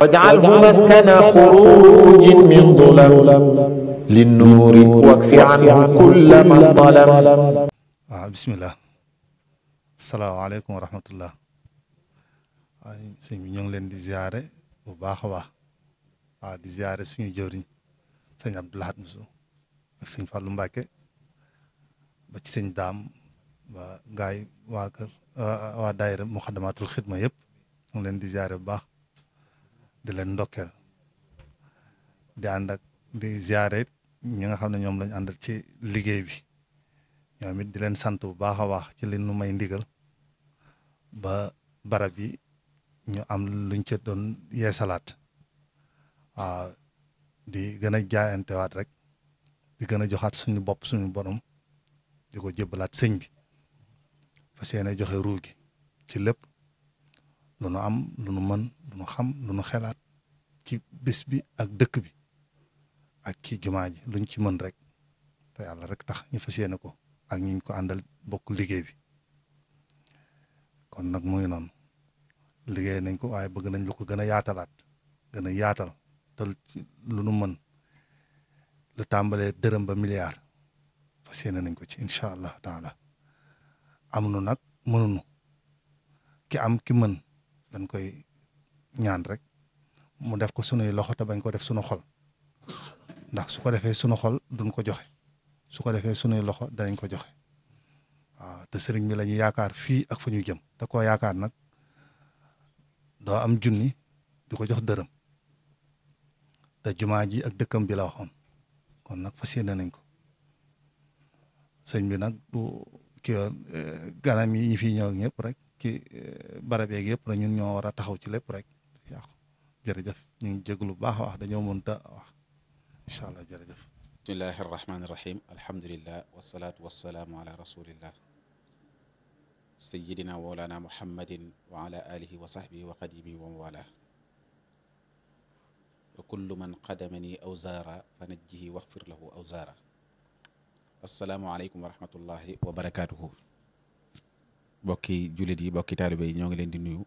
واجعله مسكن خروج من ظلم للنور واكف عنه كل من ظلم waaw bisimilah salaamaaleykum wa rahmatullah waaye sëñ bi ñoo ngi leen di ziare bu baax a baax waaw di ziare suñu jëwriñ sëñ Abdoulahat Mousso ak sëñ Fallou Mbacke ba ci sëñ daam ba gaay waa kër waa daayira Muxaddamatul Xidma yëpp ñoo ngi leen di ziare bu baax di leen ndokkeel di ànd ak di ziare ñu nga xam ne ñoom lañ àndal ci liggéey bi ñoom it di leen sant bu baax a baax ci leen nu may ndigal ba barab yi ñu am luñ ca doon yeesalaat waaw di gën a jaayantewaat rek di gën a joxaat suñu bopp suñu borom di ko jébbalaat sëñ bi fas yéene joxe ruu gi ci lépp lu nu am lu nu mën lu nu xam lu nu xelaat ci bés bi ak dëkk bi ak ci jumaa ji luñ ci mën rek te yàlla rek tax ñu fas yéene ko ak ñu ko àndal bokk liggéey bi kon nag muy noonu liggéey nañ ko waaye bëgg nañ lu ko gën a yaatalaat gën a yaatal te lu nu mën lu tàmbalee dërëm ba milliard fas yéene nañ ko ci incha allah taala am nu nag mënunu ki am ki mën dañ koy ñaan rek mu def ko sunuy loxo te bañ ko def sunu xol ndax su ko defee sunu xol duñ ko joxe su ko defee sunuy loxo danañ ko joxe waaw te sëriñ bi la yaakaar fii ak fu ñu jëm te ko yaakaar nag doo am junni di ko jox dërëm te jumaa ji ak dëkkam bi la waxoon kon nag fa yéene nañ ko sëñ bi nag du kii eh, ganam yi ñu fi ñëw ñëpp rek. ki eh, barab yeeg yëpp rek ñun ñoo war a taxaw ci lépp rek yàqu jërëjëf ñu ngi jéglu baax wax dañoo mënta wax incha allah jërëjëf bismillahi arrahmani irrahim alhamdulilah wasalaatu wasalaamu ala rasulillah sayidina moolana muhammadin wa ala alihi wa sahbihi wa qadimi wa mawala wa kullu man qadamani aw zaara fa najjihi waxfir lahu aw zaara asalaamu aleykum wa rahmatullahi wa barakatuhu bokki jullit yi bokki taalibe yi ñoo ngi leen di nuyu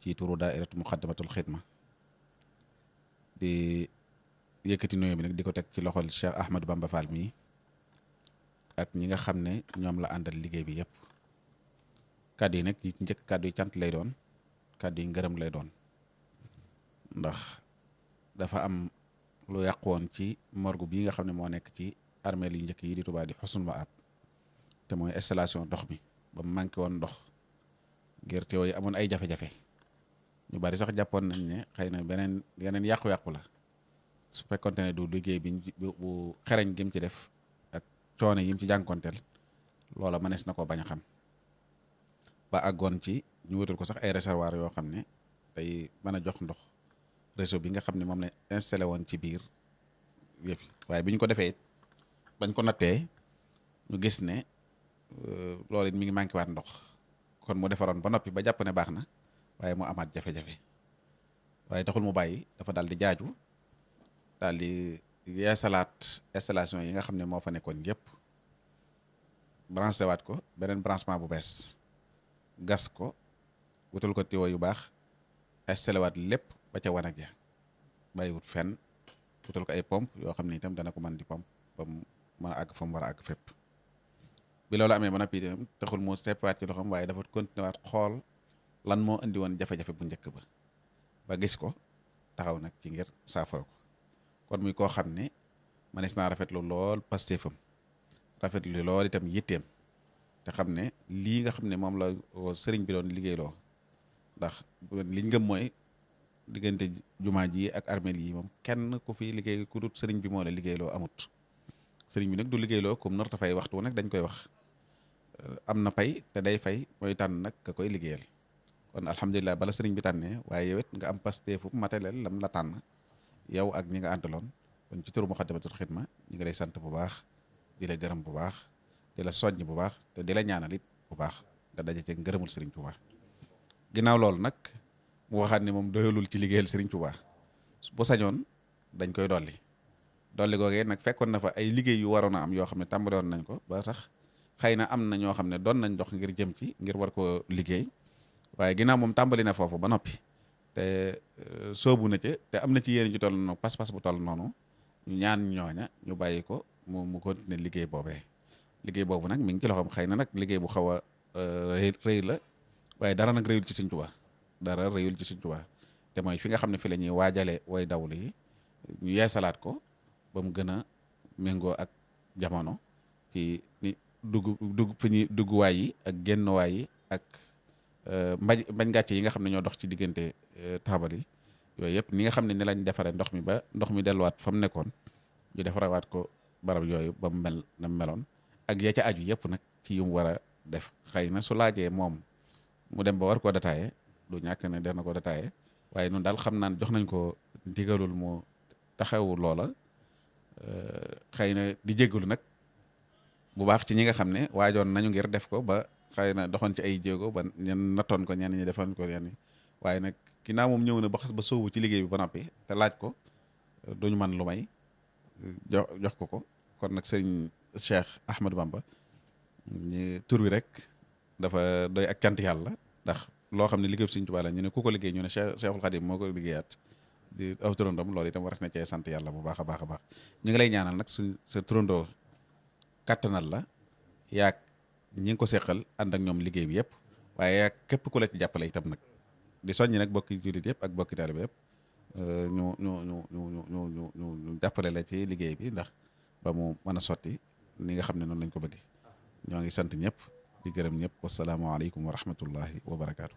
ci turu daairatu muqaddamatul xidma di yëkkati nuyu bi nag di ko teg ci loxol Cheikh ahmadu Bamba Fall mii ak ñi nga xam ne ñoom la àndal liggéey bi yëpp kàddu yi nag yi njëkk kàddu yi cant lay doon kàddu yi ngërëm lay doon ndax dafa am lu yàq woon ci morgue bii nga xam ne moo nekk ci armeel yu njëkk yi di Tuubaa di xusnul maab te mooy installation ndox mi ba mu manqué woon ndox ngir teew amoon ay jafe-jafe ñu bari sax jàppoon nañ ne xëy na beneen yeneen yàqu-yàqu la su fekkonte ne du liggéey bi bu xereñ gi ci def ak coono yi mu ci jànkonteel loola mënees na ko bañ a xam ba àggoon ci ñu wutul ko sax ay reservoir yoo xam ne ay mën a jox ndox réseau bi nga xam ne moom la installé woon ci biir yëpp waaye biñ ko defee bañ ko nattee ñu gis ne Euh, loolu it mi ngi manqué waat ndox kon mu defaroon ba noppi ba jàpp ne baax na waaye mu amaat jafe-jafe waaye taxul mu bàyyi dafa daal di jaaju daal di yeesalaat installation yi nga xam ne moo fa nekkoon yëpp branché waat ko beneen branchement bu bees gas ko wutal ko tiwo yu baax installé waat lépp ba ca wanag ya bàyyi wut fenn wutal ko ay pompe yoo xam ne itam dana ko man di pompe ba mu mën a àgg fa mu war a fépp bi loolu amee ba noppi itam taxul mu seppaat ci loxoom waaye dafa continué waat xool lan moo indi woon jafe-jafe bu njëkk ba ba gis ko taxaw nag ci ngir saafara ko kon muy koo xam ne manees naa rafetlu lool fam pastéefam rafetlu lool itam yitteem te xam ne lii nga xam ne moom la sëriñ bi doon liggéeyloo ndax liñ ngëm mooy diggante jumaa ji ak armeel yi moom kenn ku fi liggéey ku dut sëriñ bi moo la liggéeyloo amut sëriñ bi nag du liggéeyloo comme nar dafay waxtu nag dañ koy wax am na pay te day fay mooy tànn nag ka koy liggéeyal kon alhamdulilah bala sëriñ bi tànnee waaye yow nga am pasteefu matériel lam la tànn yow ak ñi nga antaloon kon ci turu Muxaddamatul Xidma ñi ngi lay sant bu baax di la bu baax di soññ bu baax te di la ñaanal it bu baax nga daje ci ngërëmul sëriñ Tuubaa ginnaaw loolu nag mu waxaat ne moom doyalul ci liggéeyal sëriñ Tuubaa bu sañoon dañ koy dolli dolli googee nag fekkoon na fa ay liggéey yu waroon a am yoo xam ne tàmbali nañ ko ba sax xëy na am na ñoo xam ne doon nañ dox ngir jëm ci ngir war ko liggéey waaye ginnaaw moom tàmbali na foofu ba noppi te euh, soobu na ca te am na ci yéen ju toll noonu pas-pas bu toll noonu ñu ñaan ñooña ñu bàyyi ko mu mu continuer liggéey boobee liggéey boobu nag mi ngi ci loxoom xëy na nag liggéey bu xaw a euh, rëy la waaye dara nag rëyul ci Sëñ Tuubaa dara rëyul ci Sëñ Tuubaa te mooy fi nga xam ne fi la ñuy waajalee way dawlu yi ñu yeesalaat ko ba mu gën a méngoo ak jamono dugg dugg fi ñuy dugguwaay yi ak génnuwaay yi ak euh, mbañ mbañ gàcce yi nga xam ne ñoo dox ci diggante euh, taabal yi yooyu yëpp ni nga xam ne ni lañ defaree ndox mi ba ndox mi delluwaat fa mu nekkoon ñu defarawaat ko barab yooyu ba mu mel na meloon ak ya aju yëpp nag ci yu mu war a def xëy na su laajee moom mu dem ba war ko détaillé du ñàkk ne dana ko détaillé waaye nun daal xam naan jox nañ ko ndigalul mu taxawu loola euh, xëy na di jéggalu nag bu baax ci ñi nga xam ne waajoon nañu ngir def ko ba xëy na doxoon ci ay jéego ba ñen nattoon ko ñenn ñi defoon ko yenn waaye nag ginnaaw moom ñëw na ba xas ba sóobu ci liggéey ba noppi te laaj ko duñu man lu may jox jox ko ko kon nag sëñ Cheikh Ahmadou Bamba ñu tur wi rek dafa doy ak cant yàlla ndax loo xam ne liggéey bi sëñ Tuubaa la ñu ne ku ko liggéey ñu ne Cheikh Cheikhul Khadim moo ko liggéeyaat di aw turandom loolu itam sant yàlla bu baax a baax a baax ñu ngi lay ñaanal nag su sa turandoo kattanal la yaag ñi ngi ko seqal ànd ak ñoom liggéey bi yëpp waaye yaag képp ku la ci jàppale itam nag di soññi nag bokki jullit yëpp ak bokki taalibe yëpp euh, ñu ñu ñu ñu jàppale la ci liggéey bi ndax ba mu mën a sotti ni nga xam ne noonu lañ ko bëggee ñoo ngi sant ñëpp di gërëm ñëpp wasalaamaaleykum wa rahmatullahi wa barakaatu.